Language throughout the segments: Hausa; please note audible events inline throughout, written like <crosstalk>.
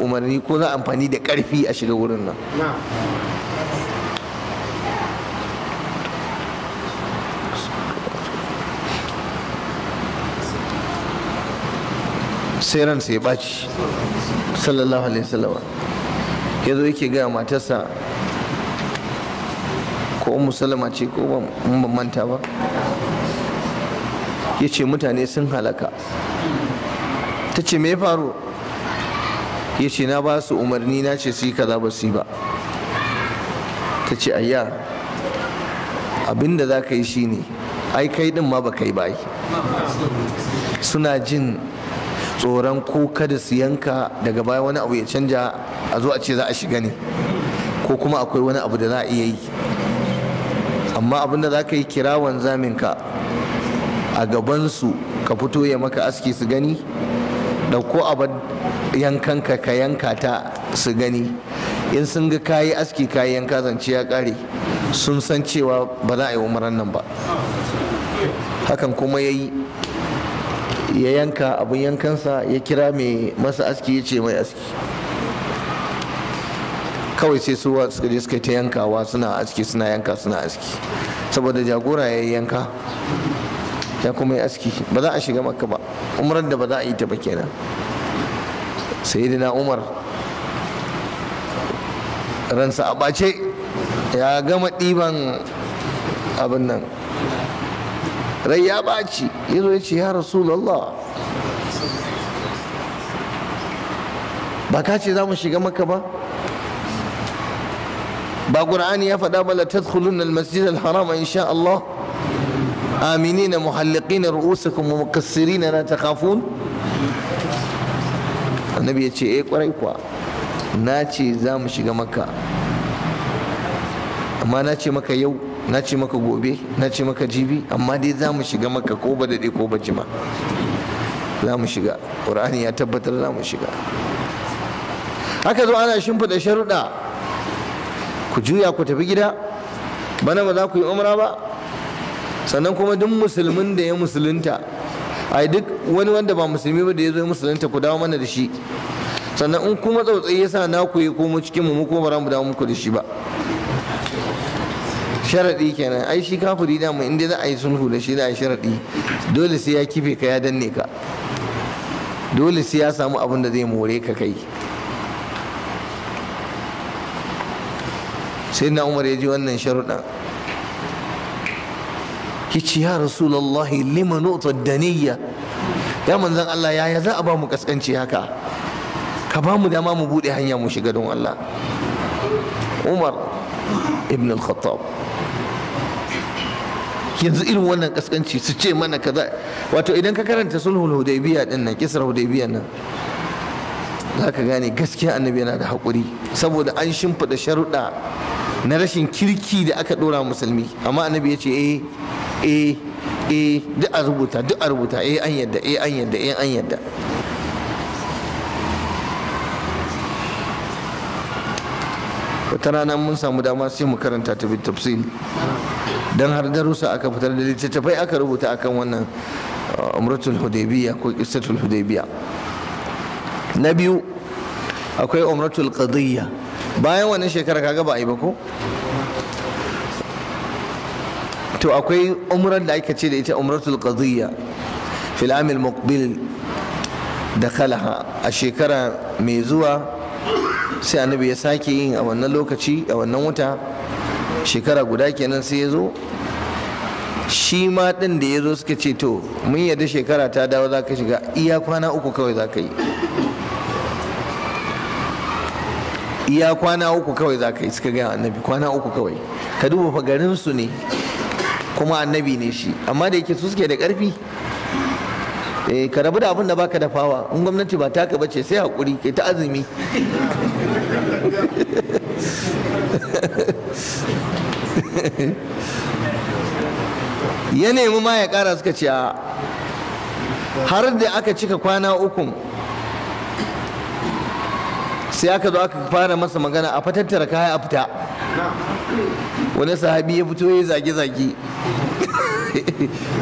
umarni ko za amfani da ƙarfi a shiga wurin nan sai ran sai baci sallallahu alaihi wasallam ya zo yake gaya matarsa ko ummu salama ce ko ban manta ba ya ce mutane sun halaka ta ce me faru ya ce na ba su umarni na ce su yi kaza ba su yi ba ta ce ayya abinda za ka yi shi ne ai kai din ma ba kai ba suna jin tsoron ko kada su yanka daga baya wani abu ya canja a zo a ce za a shiga ne ko kuma akwai wani abu da za a iya yi amma abinda za ka yi kira zaminka a gabansu ka fito ya maka aski su gani ɗauko abin yankanka ka yanka ta su gani in sun ga kayi aski kayi yanka zance ya kare sun san cewa ba za a yi umaran nan ba hakan kuma ya yi ya yanka abin yankansa ya kira mai masa aski ya ce mai aski kawai sai su suka je suka ta yankawa suna aski suna yanka suna aski saboda jagora ya yanka ya kuma yi aski ba za a shiga maka ba umarar da ba za a yi ta ba kenan sayyidina umar ransa a bace ya gama ɗiban abin nan rai ya ɓaci ya zo ya ce ya rasulallah ba ka ce za mu shiga maka ba ba ƙur'ani ya faɗa ba la tadkhulunna al-masjid al-haram insha Allah aminina muhalliqina ru'usakum wa muqassirina la takhafun annabi ya ce eh kwarai kuwa na ce za mu shiga maka amma na ce maka yau na ce maka gobe na ce maka jibi amma dai za mu shiga maka ko ba daɗe ko ba jima za mu shiga ƙur'ani ya tabbatar za mu shiga haka zo ana shimfiɗa sharuɗa ku juya ku tafi gida bana ba za ku yi umra ba sannan kuma duk musulmin da ya musulunta ai duk wani wanda ba musulmi ba da ya zo musulunta ku dawo mana da shi sannan in kuma tsautsayi yasa na koyi yi komo cikin mu kuma ba muku da shi ba sharaɗi kenan ai shi kafiri da mu inda za a yi sulhu da shi da a sharaɗi dole sai ya kife ka ya danne ka dole sai ya samu abin da zai more ka kai sai na umar ya ji wannan sharuɗan ci ya rasulullahi lima utar daniyya ya manzan Allah ya yaya za a ba mu kaskanci haka ka ba mu dama mu buɗe hanya mu shiga don Allah Umar ibn al-Khattab yanzu irin wannan kaskanci su ce mana kaza wato idan ka karanta sulhul hudaybiya din nan kisar hudaybiya nan zaka gane gaskiya annabi yana da haƙuri saboda an shimfida sharuɗa na rashin kirki da aka ɗora musulmi amma annabi ya ce eh eh eh duk a rubuta duk a rubuta eh an yadda eh an yadda eh an yadda wata rana mun samu dama sai mu karanta ta bit tafsil dan har rusa aka fitar da littattafai aka rubuta akan wannan uh, umratul hudaybiyya ko qissatul hudaybiyya na biyu akwai umratul qadiyya bayan wannan shekara kaga ba a yi ba ko to akwai umrar da ake ce da ita umratul qadiyya fil amil muqbil da kalaha a shekara mai zuwa sai annabi ya sake yin a wannan lokaci a wannan wuta shekara guda kenan sai ya zo shi ma ɗin da ya zo suka ce to mun yadda shekara ta dawo za ka shiga iya kwana uku kawai za ka yi iya kwana uku kawai za ka yi suka gaya annabi kwana uku kawai ka duba fagarinsu ne kuma annabi ne shi amma da yake su suke da ƙarfi E, ka rabu da abin da baka dafawa in gwamnati ba taka bace sai hakuri ke ta azumi <laughs> ya nemi ma ya kara suka ce a har da aka cika kwana uku sai aka zo aka fara masa magana a fatattara kaya a fita wani sahabi ya fito ya zage-zage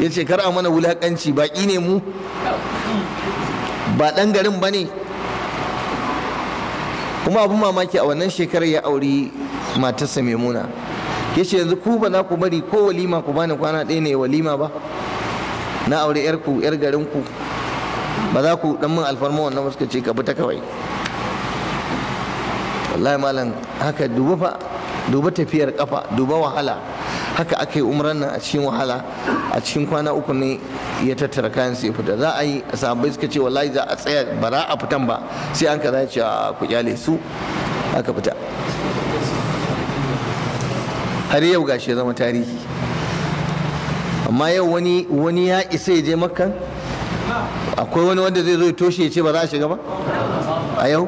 ya ce kar a mana wulakanci baƙi ne mu ba ɗan garin ba ne kuma abin mamaki a wannan shekarar ya auri matarsa mai muna ya ce yanzu ku ba za ku bari ko walima ku bani kwana ɗaya ne walima ba na aure yarku yar garinku ba za ku dan min alfarma wannan ba suka ce ka ta kawai wallahi malam haka duba fa duba tafiyar kafa duba wahala haka aka yi umran nan a cikin wahala a cikin kwana uku ne ya tattara kayan sai fita za a yi sahabbai suka ce wallahi za a tsaya ba za a fitan ba sai an kaza ce a ku kyale su aka fita har yau gashi ya zama tarihi amma yau wani wani ya isa ya je makkan akwai wani wanda zai zo ya toshe ya ce ba za a shiga ba a yau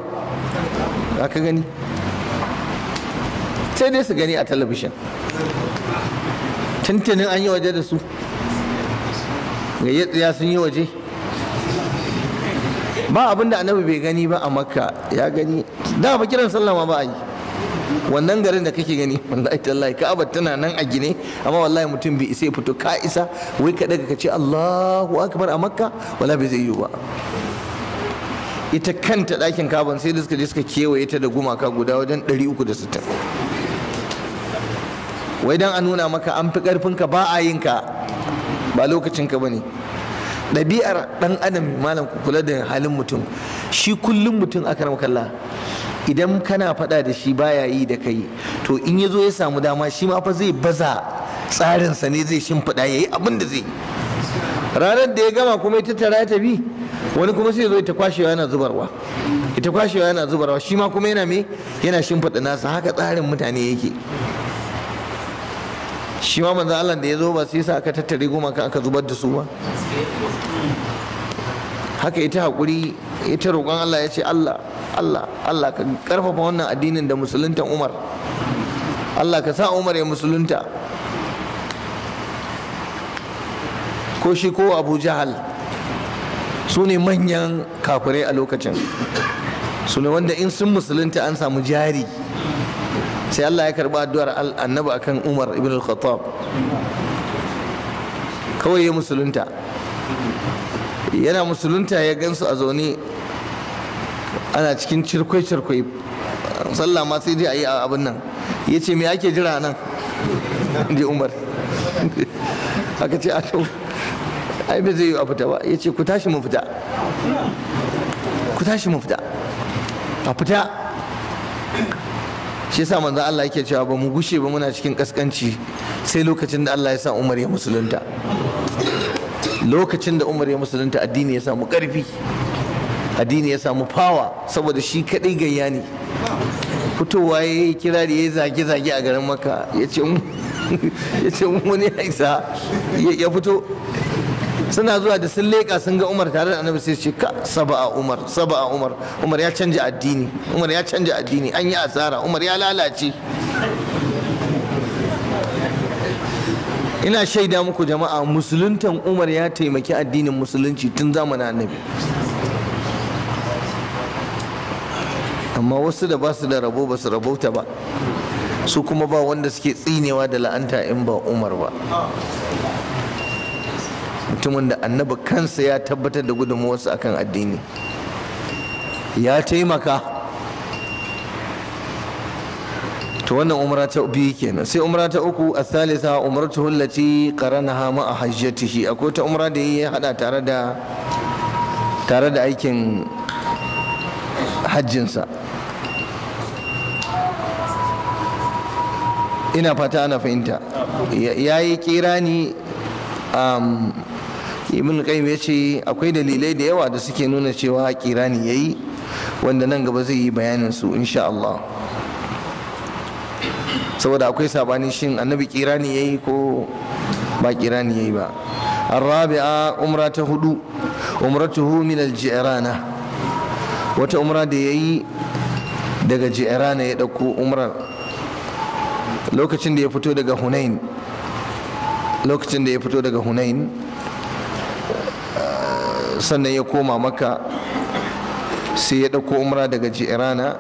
za ka gani sai dai su gani a talabishin tuntunin an yi waje da su gayyar sun yi waje ba abin da annabi bai gani ba a makka ya gani da ba kiran sallama ba a yi wannan garin da kake gani wallahi tallahi ka'aba tana nan a gine amma wallahi mutum bai isa ya fito ka isa wai ka daga ka Allahu akbar a makka wala bai zai yi ba ita kanta ɗakin kaban sai da suka je suka kewaye ta da gumaka guda wajen 360 wai dan a nuna maka an fi karfinka ba a yin ka ba lokacinka ba ne ɗabi'ar ɗan adam malam ku kula da halin mutum shi kullum mutum a kalla idan kana faɗa da shi baya yi da kai to in ya zo ya samu dama shi ma fa zai baza tsarinsa ne zai faɗa ya yi abin da zai ranar da ya gama kuma ita tattara ya tafi wani kuma sai zo ita kwashewa yana zubarwa ita kwashewa yana zubarwa shi ma kuma yana me yana shimfiɗa nasa haka tsarin mutane yake shi ma manzan Allah da ya zo ba sai sa aka tattare kan aka zubar da su ba haka ita haƙuri ita roƙon Allah ya ce Allah Allah Allah ka ƙarfafa wannan addinin da musuluntan Umar Allah ka sa Umar ya musulunta ko shi ko Abu Jahal su ne manyan kafirai a lokacin su ne wanda in sun musulunta an samu jari sai Allah ya karba addu'ar annabi akan Umar ibn al-Khattab kawai ya musulunta yana musulunta ya gansu a zaune ana cikin cirkwai-cirkwai sallah ma sai dai a yi abin nan ya ce me ake jira nan ji umar aka ce a ai bai zai yi a fita ba ya ce ku tashi mu fita ku tashi mu fita a fita shi yasa manzon Allah yake cewa ba mu gushe ba muna cikin kaskanci sai lokacin da Allah ya sa Umar ya musulunta lokacin da Umar ya musulunta addini ya samu karfi addini ya samu fawa saboda shi kadai gayya ne fitowa ya yi kirari ya yi zage-zage a garin maka ya ce mm, <laughs> mm, wani ya isa ya fito suna zuwa da sun leƙa sun ga umar tare da annabi sai ce ka a umar a umar umar ya canja addini umar ya canja addini an yi asara umar ya lalace ina shaida muku jama'a musuluntan umar ya taimaki addinin musulunci tun zamanin annabi amma wasu da ba su da rabo ba su rabauta ba su kuma ba wanda suke tsinewa da la'anta in ba umar ba mutumin da annabi kansa ya tabbatar da gudunmuwarsa akan addini ya taimaka to wannan umara ta biyu kenan sai umara ta uku a salisa umartu hullaci karanaha Hama, a hajjatihi akwai ta umara da ya hada tare da tare da aikin hajjinsa ina fata ana fahimta ya yi kirani um, ibn qayyim ya ce akwai dalilai da yawa da suke nuna cewa kirani yayi wanda nan gaba zai yi bayanin su insha Allah saboda akwai sabani shin annabi kirani yayi ko ba kirani yayi ba ta عمرة هدو عمرته من الجيرانة wata umra da ya yi daga ji'irana ya ɗauko umrar lokacin da ya fito daga hunain lokacin da ya fito daga hunain sannan ya koma maka sai ya ɗauko umra daga jirana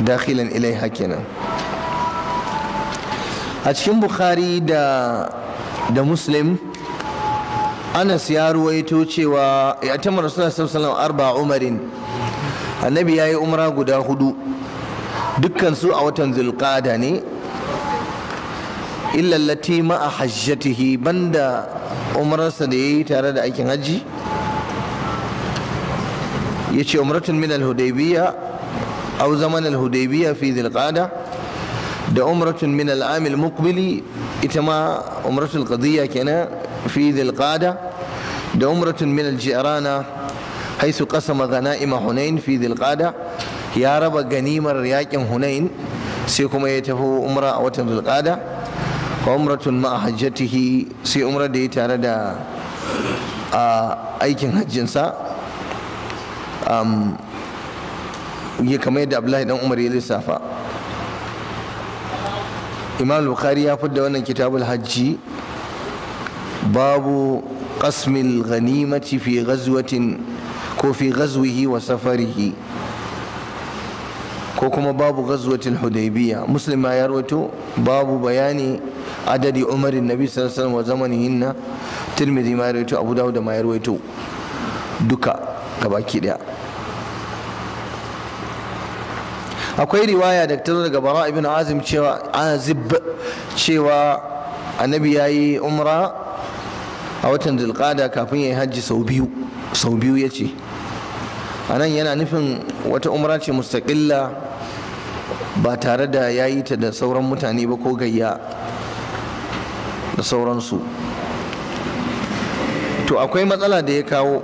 dakilan ilai kenan a cikin bukhari da da muslim anas ya ruwaito cewa ya tamar sallallahu arba umarin annabi ya yi umra guda hudu dukkan a watan zulqada ne illallati ma'a hajjatihi banda umararsa da ya yi tare da aikin hajji yace umratun min al-hudaybiyya aw zaman al-hudaybiyya fi dhil da umratun min al-am ita ma umratul qadiyya kenan fi dhil da umratun min haisu ƙasa magana qasama ghanaima hunain fi dhil ya raba ganimar yaƙin hunain sai kuma ya tafi umra a watan dhil wa umratun ma'a hajjatihi sai umra da ya tare da aikin hajjinsa Um, ya kama yadda abdullahi dan umar ya lissafa imam bukhari ya fidda wannan kitabul hajji babu qasmil ghanimati fi ghazwatin ko fi ghazwihi wa safarihi ko kuma babu ghazwatul hudaibiya muslim ya rawaito babu bayani adadi umarin nabi sallallahu alaihi wa zamanihinna tirmidhi ma ya rawaito abu dawud ma ya rawaito duka gabaki daya akwai riwaya da ta daga bara ibn azim cewa azib cewa annabi ya yi umra a watan zulqada kafin ya yi hajji sau biyu sau biyu ya ce a nan yana nufin wata umra ce mustaƙilla ba tare da ya yi ta da sauran mutane ba ko gayya da sauransu to akwai matsala da ya kawo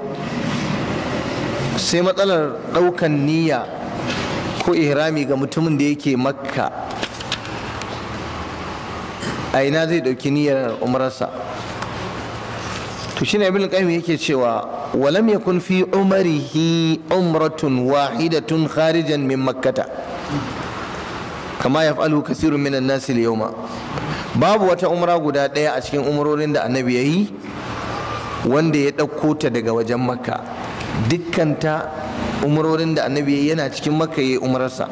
sai matsalar ɗaukan niyya ko ihrami ga mutumin da yake makka a ina zai ɗauki niyyar umararsa to shine ibn qayyim yake cewa walam yakun fi umarihi umratun wahidatun kharijan min makkata kama yaf'alu kathirun minan nasi al-yawma babu wata umra guda ɗaya a cikin umarorin da annabi yayi wanda ya ɗauko ta daga wajen makka dukkanta umarorin da annabi yana cikin makka ya umararsa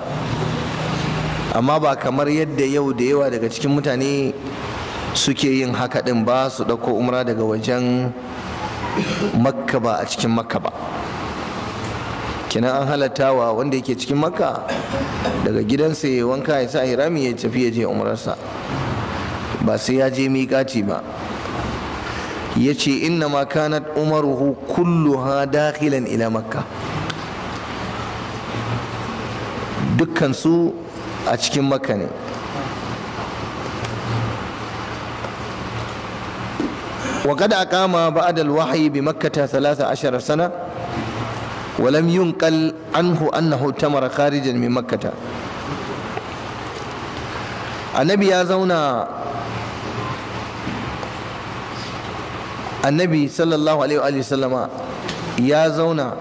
amma ba kamar yadda yau da yawa daga cikin mutane suke yin haka din ba su ɗauko umra daga wajen makka ba a cikin makka ba Kina an halatta wa wanda yake cikin makka daga gidansa ya wanka ya sa hirami ya tafi ya je umararsa ba sai ya je miƙaci ba ya ce inna ma kanat umaruhu ha dakilan ila makka dukkansu a cikin makka ne وقد أقام بعد الوحي بمكة ثلاث عشر سنة ولم ينقل عنه أنه تمر خارجا من مكة النبي يا زونا النبي صلى الله عليه وآله وسلم يا زونا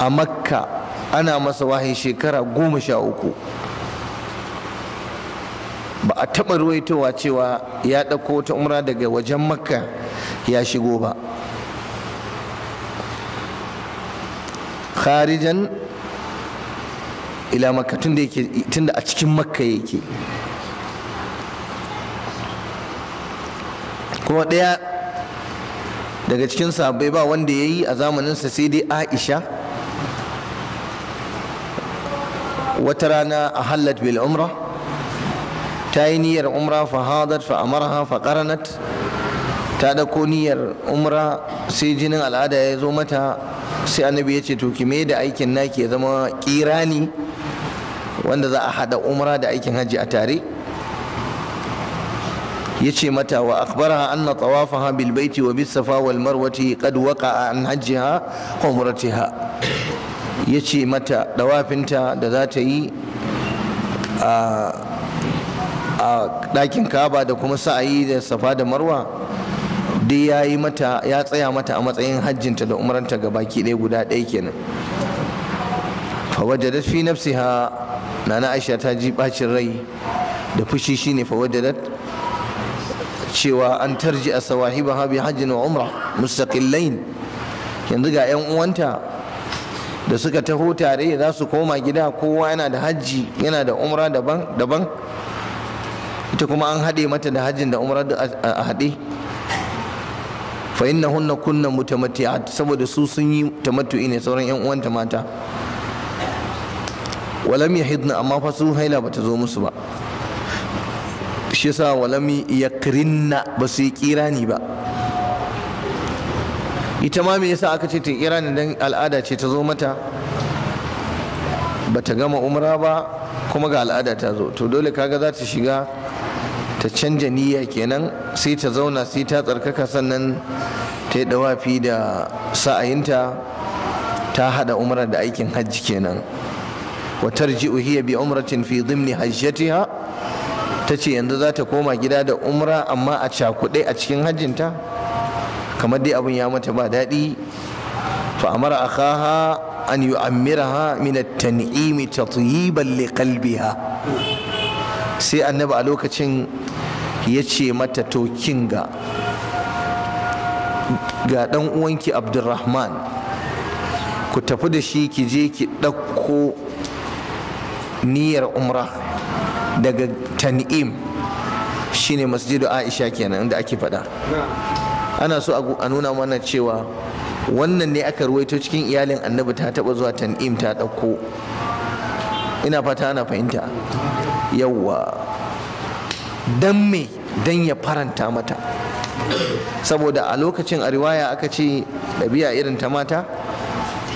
a makka ana masa wahayi shekara goma sha uku ba a taɓa ruwaitowa cewa ya ɗauko wata umra daga wajen makka ya shigo ba kharijan ila makka tunda a cikin makka yake kuma ɗaya daga cikin sabai ba wanda ya yi a zamaninsa sai dai aisha wata rana a hallat bil umra ta yi niyyar umra fa hadat fa amarha fa qaranat ta dauko niyyar umra sai jinin al'ada ya zo mata sai annabi ya ce to ki da aikin naki ya zama kirani wanda za a hada umra da aikin hajji a tare ya ce mata wa akhbaraha anna tawafaha bil baiti wa bis safa wal marwati qad waqa'a an hajjiha umratiha ya ce mata dawafinta da za ta yi a ɗakin kaba da kuma sa'ayi da safa da marwa da ya yi mata ya tsaya mata a matsayin hajjinta da umaranta ga baki ɗaya guda ɗaya kenan fawajadat fi nafsiha nana aisha ta ji bacin rai da fushi shine fawajadat cewa an tarji a sawahiba bi hajjin wa umra mustaqillain yanzu ga yan uwanta da suka taho tare za su koma gida kowa yana da hajji yana da umra daban daban ita kuma an haɗe mata da hajjin da umra a haɗe fa hunna kunna mutamatti'at saboda su sun yi tamattu'i ne sauran yan uwanta mata ya hidna amma fa su haila ta zo musu ba shi yasa walam yakrinna ba su yi ni ba ita ma me yasa aka ce ta iran dan al'ada ce ta zo mata bata gama umra ba kuma ga al'ada ta zo to dole kaga za ta shiga ta canja niyya kenan sai ta zauna sai ta tsarkaka sannan ta yi dawafi da sa'ayinta ta hada umrar da aikin hajji kenan wa ji uhiya bi umratin fi dhimni hajjatiha ce yanzu za ta koma gida da umra amma a cakuɗe a cikin hajjinta kamar dai abin ya mata ba daɗi fa amara kaha, an yu'ammiraha min at-tan'imi tatyiban li kalbiya. sai annabi a lokacin ya ce mata to kinga ga ɗan uwanki abdurrahman ku tafi da shi ki je ki ɗauko niyyar umra daga tan'im shine masjidu aisha kenan inda ake faɗa ana so a nuna mana cewa wannan ne aka ruwaito cikin iyalin annabi ta taba zuwa tan'im ta dauko. ina fata ana fahimta yawwa dan me dan ya faranta mata saboda a lokacin a riwaya aka ce ɗabi'a irin ta mata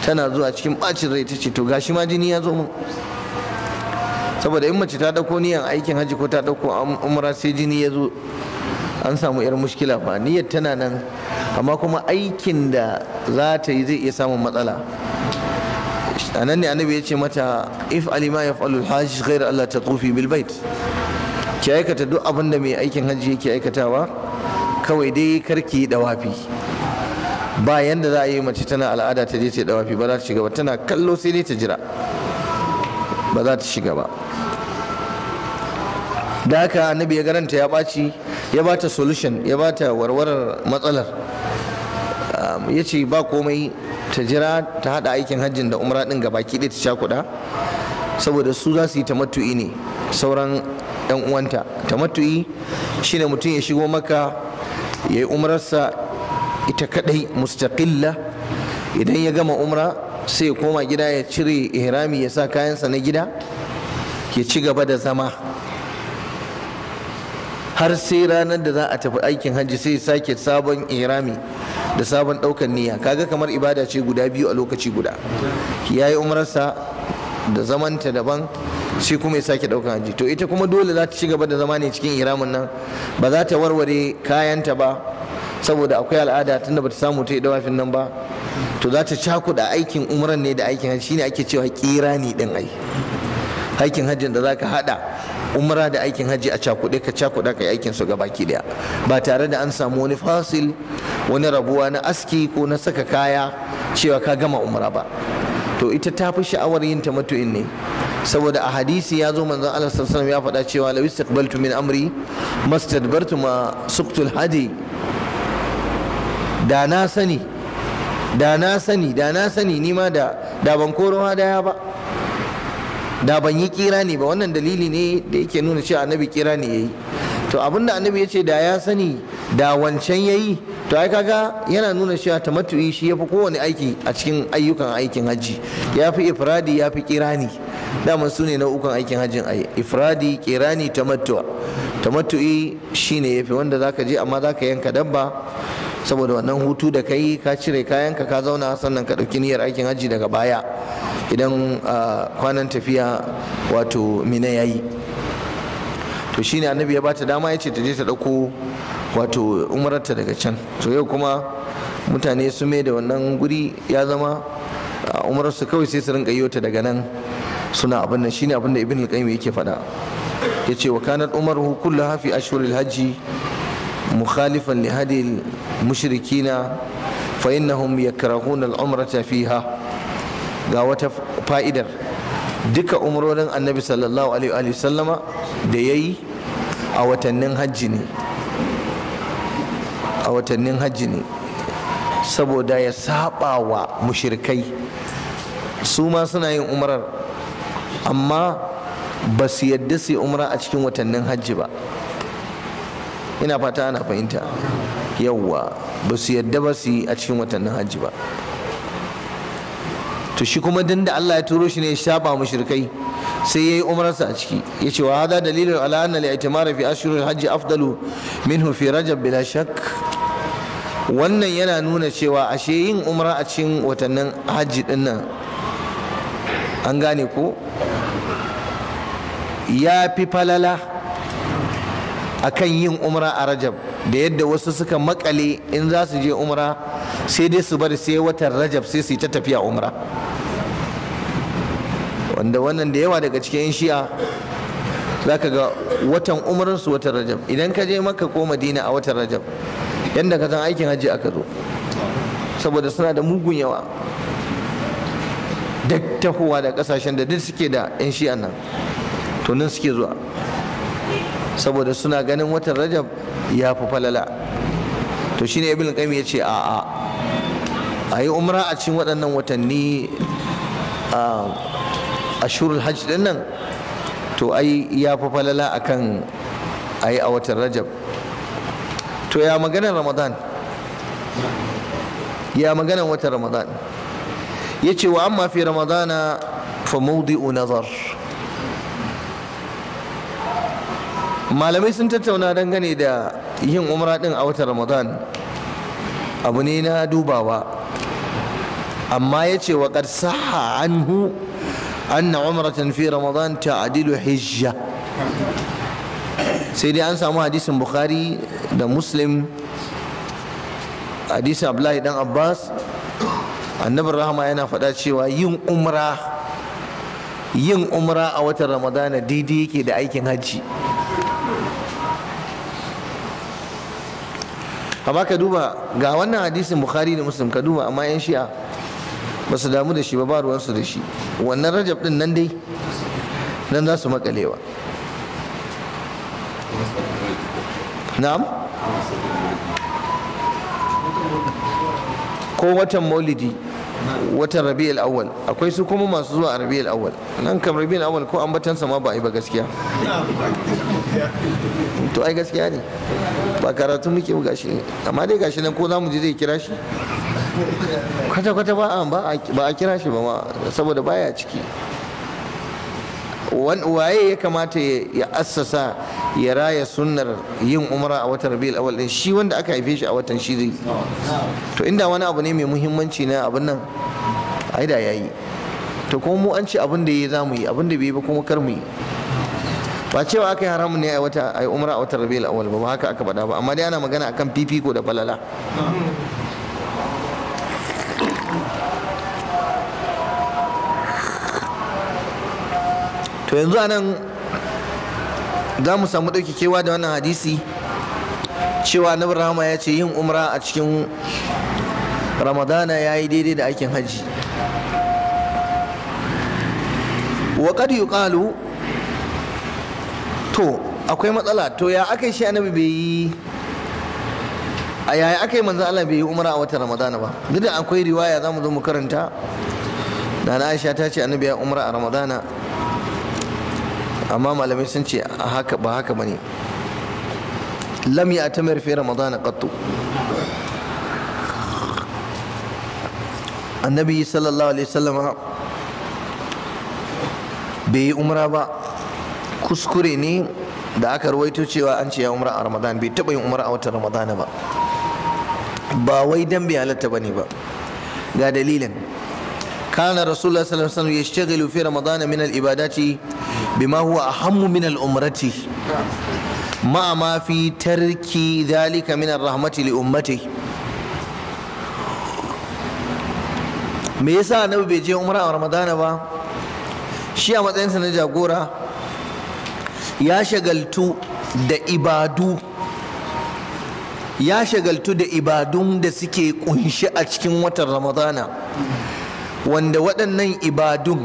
tana zuwa cikin ɓacin rai ta ce to gashi ma jini ya zo mun saboda in mace ta dauko niyan aikin hajji ko ta dauko umra sai jini ya zo an samu yar mushkila ba niyyar tana nan amma kuma aikin da za ta yi zai iya samun matsala a nan ne annabi ya ce mata if alima ya fa'alul hajji ghair Allah ta tufi bil ki aikata duk abin da mai aikin hajji yake aikatawa kawai dai karki yi dawafi ba yanda za a yi mace tana al'ada ta je ta dawafi ba za ta shiga ba tana kallo sai dai ta jira ba za ta shiga ba da haka annabi ya garanta ya ɓaci ya ba ta solution ya ba ta warwarar matsalar ya ce ba komai ta jira ta hada aikin hajjin da umra din gaba ɗaya ta cakuɗa saboda su za su yi matu'i ne sauran yan uwanta ta tamattu'i shine mutum ya shigo maka ya yi umararsa ita kadai mustaqilla idan ya gama umra sai ya koma gida ya cire ihrami ya sa kayansa na gida ya ci gaba da zama har sai ranar da za a tafi aikin hajji sai sake sabon irami da sabon ɗaukan niyya kaga kamar ibada ce guda biyu a lokaci guda ya yi umararsa da zamanta daban sai kuma ya sake ɗaukan hajji to ita kuma dole za ta ci gaba da zama ne cikin iramin nan ba za ta warware kayanta ba saboda akwai al'ada tunda bata samu ta yi dawafin nan ba to za ta cakuɗa aikin umran ne da aikin hajji shine ake cewa kirani din ai aikin hajjin da za ka haɗa. umra da aikin hajji a cakuɗe ka cakuɗa ka yi aikin su ga baki ɗaya ba tare da an samu wani fasil wani rabuwa na aski ko na saka kaya cewa ka gama umra ba to ita ta fi sha'awar yin ta matu'in ne saboda a hadisi ya zo manzon Allah sallallahu ya faɗa cewa law istaqbaltu min amri mastadbartu ma suqtul hadi da na sani da na sani da na sani ni ma da da ban koro ya ba da ban yi kira ne ba wannan dalili ne da yake nuna cewa annabi kira ne yayi to abinda annabi ya ce da ya sani da wancan yayi to ai kaga yana nuna cewa tamattu'i shi yafi kowane aiki a cikin ayyukan aikin haji yafi ifradi yafi kirani daman su ne nau'ukan aikin hajjin ai ifradi kirani tamattu'a tamattu'i shine yafi wanda zaka je amma zaka yanka dabba saboda wannan hutu da kai ka cire kayanka ka zauna sannan ka ɗauki niyyar aikin haji daga baya idan kwanan tafiya wato mina ya yi to shine annabi ya bata dama ya ce ta je ta dauko wato umararta daga can to yau kuma mutane su mai da wannan guri ya zama umararsu kawai sai su rinka yi ta daga nan suna abin nan shine abin da ibn al-qayyim yake faɗa yace wa kanar Umar kulluha fi ashhuril hajji mukhalifan li hadil mushrikina fa innahum yakrahuna al-umrata fiha ga wata fa'idar duka umarorin annabi sallallahu alaihi sallama da ya yi a watannin hajji ne a watannin hajji ne saboda ya saba wa mushirkai su ma suna yin umarar amma ba su yadda su yi umara a cikin watannin hajji ba ina fata ana fahimta yawwa ba su yadda ba su yi a cikin watannin hajji ba to shi kuma din Allah ya turo shi ne ya shafa mushrikai sai yayi umrarsa a ciki yace wa hada dalilin ala anna al-i'timara fi ashhurul hajj afdalu minhu fi rajab bila shakk wannan yana nuna cewa ashe yin umra a cikin watannin hajji din nan an gane ko ya fi falala akan yin umra a rajab da yadda wasu suka makale in za su je umra sai dai su bari sai watan rajab sai su yi ta tafiya umra wanda wannan da yawa daga cikin shi'a za ka ga watan umarinsu watan rajab idan ka je maka ko madina a watan rajab yadda ka san aikin hajji aka zo saboda suna da mugun yawa duk tahowa da kasashen da duk suke da 'yan shi'an nan to nan suke zuwa saboda suna ganin watan rajab ya fi falala to shine ibn qayyim ya ce a'a a yi umra a cikin waɗannan watanni ashurul hajj din nan to ai ya fa falala akan ai a watan rajab to ya maganar ramadan ya maganar watan ramadan ya ce wa amma fi ramadana fa mawdi'u nazar malamai sun tattauna dangane da yin umra din a watan ramadan abu ne na dubawa amma ya ce wa saha anhu anna umratan fi ramadan ta'dilu hijja sai dai an samu hadisin bukhari da muslim hadisin abdullahi dan abbas annabin Rahma yana faɗa cewa yin umra a watan ramadana daidai yake da aikin hajji amma ka ga wannan hadisin bukhari da muslim ka amma yan shi'a ba su damu da shi ba ba su da shi wannan rajab din nan dai nan za su makalewa na'am ko watan maulidi watan al awwal akwai su kuma masu zuwa a al awwal nan kam al awwal ko batan sama ba a yi ba gaskiya to ai gaskiya ne ba karatu muke gashi amma dai gashi nan ko za mu je zai kira shi kwata-kwata ba a kira shi ba ma saboda baya ciki waye ya kamata ya assasa ya raya sunnar yin umra a watan rabiul awal din shi wanda aka haife shi a watan shi zai to inda wani abu ne mai muhimmanci na abin nan ai da yayi to kuma mu an ce abin da yayi zamu yi abin da bai ba kuma kar mu yi ba cewa aka yi haramun ne a wata ai umra a watan rabiul awal ba ba haka aka bada ba amma dai ana magana akan fifiko da balala to yanzu anan za mu samu ɗauki kewa da wannan hadisi cewa na rama ya ce yin umra a cikin ramadana ya yi daidai da aikin hajji waƙar yuqalu to akwai matsala to ya aka shi annabi bai yi a yaya aka yi manzan Allah bai yi umra a watan ramadana ba duk da akwai riwaya za mu zo mu karanta da na aisha ta ce annabi ya umra a ramadana amma malamai sun ce haka ba haka bane lam ya tamir fi ramadana qattu annabi sallallahu alaihi wasallam bai yi umra ba kuskure ne da aka rawaito cewa an ce ya umra a ramadan bai taɓa yin umra a watan ramadana ba ba wai dan bai halatta bane ba ga dalilin kana rasulullah sallallahu alaihi wasallam yashtaghilu fi ramadana min al-ibadati bima huwa ahammu min al-umrati ma ma fi tarki dhalika min ar-rahmati me yasa annabi bai je umara a ramadana ba shi a matsayinsa na jagora ya shagaltu da ibadu ya shagaltu da ibadun da suke kunshi a cikin watan ramadana wanda waɗannan ibadun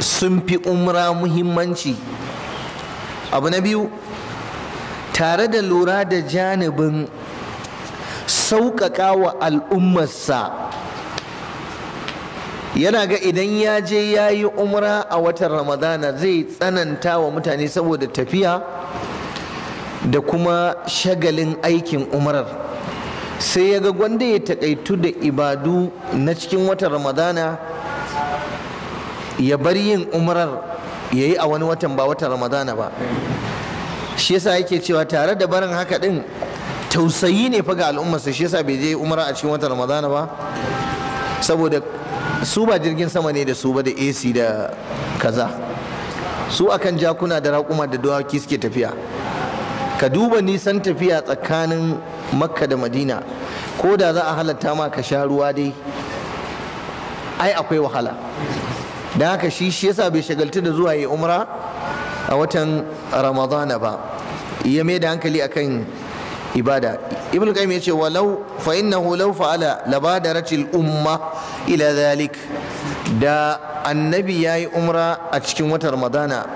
sun fi umra muhimmanci abu na biyu tare da lura da janibin sauƙaƙa wa al'ummarsa yana ga idan ya je ya yi umra a watan ramadana zai tsananta wa mutane saboda tafiya da kuma shagalin aikin umrar sai ya ga gwanda ya taƙaitu da ibadu na cikin watan ramadana ya bar yin umarar ya yi a wani watan ba watan ramadana ba shi yasa yake cewa tare da barin haka din tausayi ne fa ga al'ummarsa shi yasa bai je umara a cikin watan ramadana ba saboda su ba jirgin sama ne da su ba da ac da kaza su akan jakuna da raƙuma da dawaki suke tafiya ka duba nisan tafiya tsakanin makka da madina ko da za a halatta ma ka sha ruwa dai ai akwai wahala da haka shi shi yasa bai shagaltu da zuwa yi umra a watan ramadana ba ya mai da hankali akan ibada ibn qayyim yace walau fa innahu law fa'ala labadarat al umma ila zalik da annabi yayi umra a cikin watan ramadana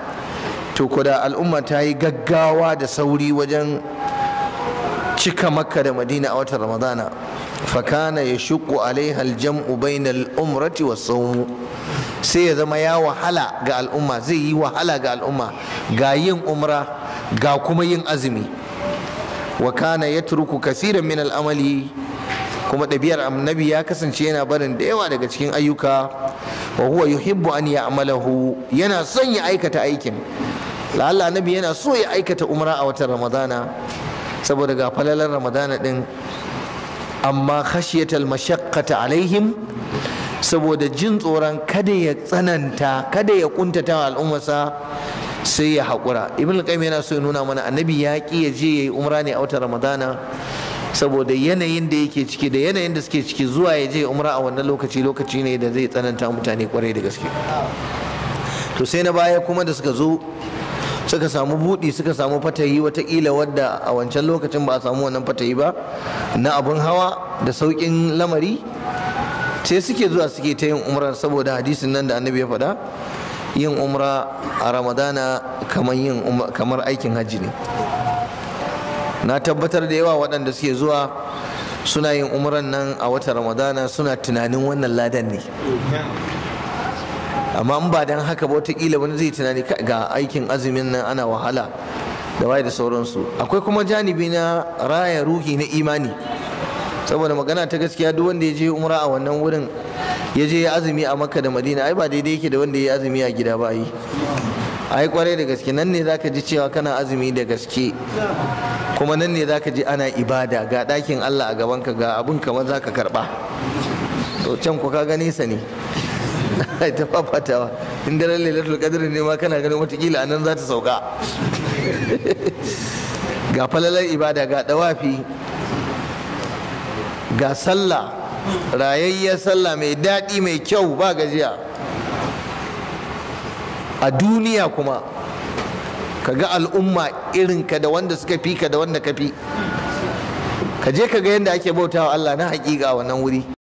to ko da al'umma ta yi gaggawa da sauri wajen cika makka da madina a watan ramadana fa kana yashuqu alaiha al jam'u bainal umrati was sawm sai ya zama ya wahala ga al'umma zai yi wahala ga al'umma ga yin umra ga kuma yin azumi wa kana ya turku kasiran min al'amali kuma ɗabi'ar annabi ya kasance yana barin da yawa daga cikin ayyuka wa huwa yuhibbu an ya'malahu yana son ya aikata aikin la'alla annabi yana so ya aikata umra a watan ramadana saboda ga falalar ramadana din amma khashiyatal mashaqqata alaihim saboda jin tsoron kada ya tsananta kada ya kuntata al'ummarsa sai ya haƙura ibn al yana so ya nuna mana annabi ya ƙi ya je ya yi umra ne a watan ramadana saboda yanayin da yake ciki da yanayin da suke ciki zuwa ya je umra a wannan lokaci lokaci ne da zai tsananta mutane kwarai da gaske to sai na baya kuma da suka zo suka samu buɗi suka samu fatayi watakila wadda a wancan lokacin ba a samu wannan fatayi ba na abin hawa da sauƙin lamari sai suke zuwa suke ta yin umra saboda hadisin nan da annabi ya faɗa yin umra a ramadana kamar yin kamar aikin hajji ne na tabbatar da yawa waɗanda suke zuwa suna yin umran nan a wata ramadana suna tunanin wannan ladan ne amma ba don haka ba watakila wani zai tunani ga aikin azumin nan ana wahala da waye da sauransu akwai kuma janibi na raya ruhi na imani saboda magana ta gaskiya duk wanda ya je umra a wannan wurin ya je azumi a makka da madina ai ba daidai yake da wanda ya azumi a gida ba yi ai kwarai da gaske nan ne zaka ji cewa kana azumi da gaske kuma nan ne zaka ji ana ibada ga ɗakin Allah a gabanka ga abun kamar zaka karba to can ku ka gani sa ne ta fafatawa in daren lailatul qadr ne ma kana ganin watakila anan za ta sauka <laughs> ga falalar ibada ga dawafi ga sallah rayayyar sallah mai daɗi mai kyau ba gajiya a duniya kuma ka ga al'umma irinka da wanda suka fi ka da wanda ka fi ka je ka ga yadda ake bautawa Allah na haƙiƙa wannan wuri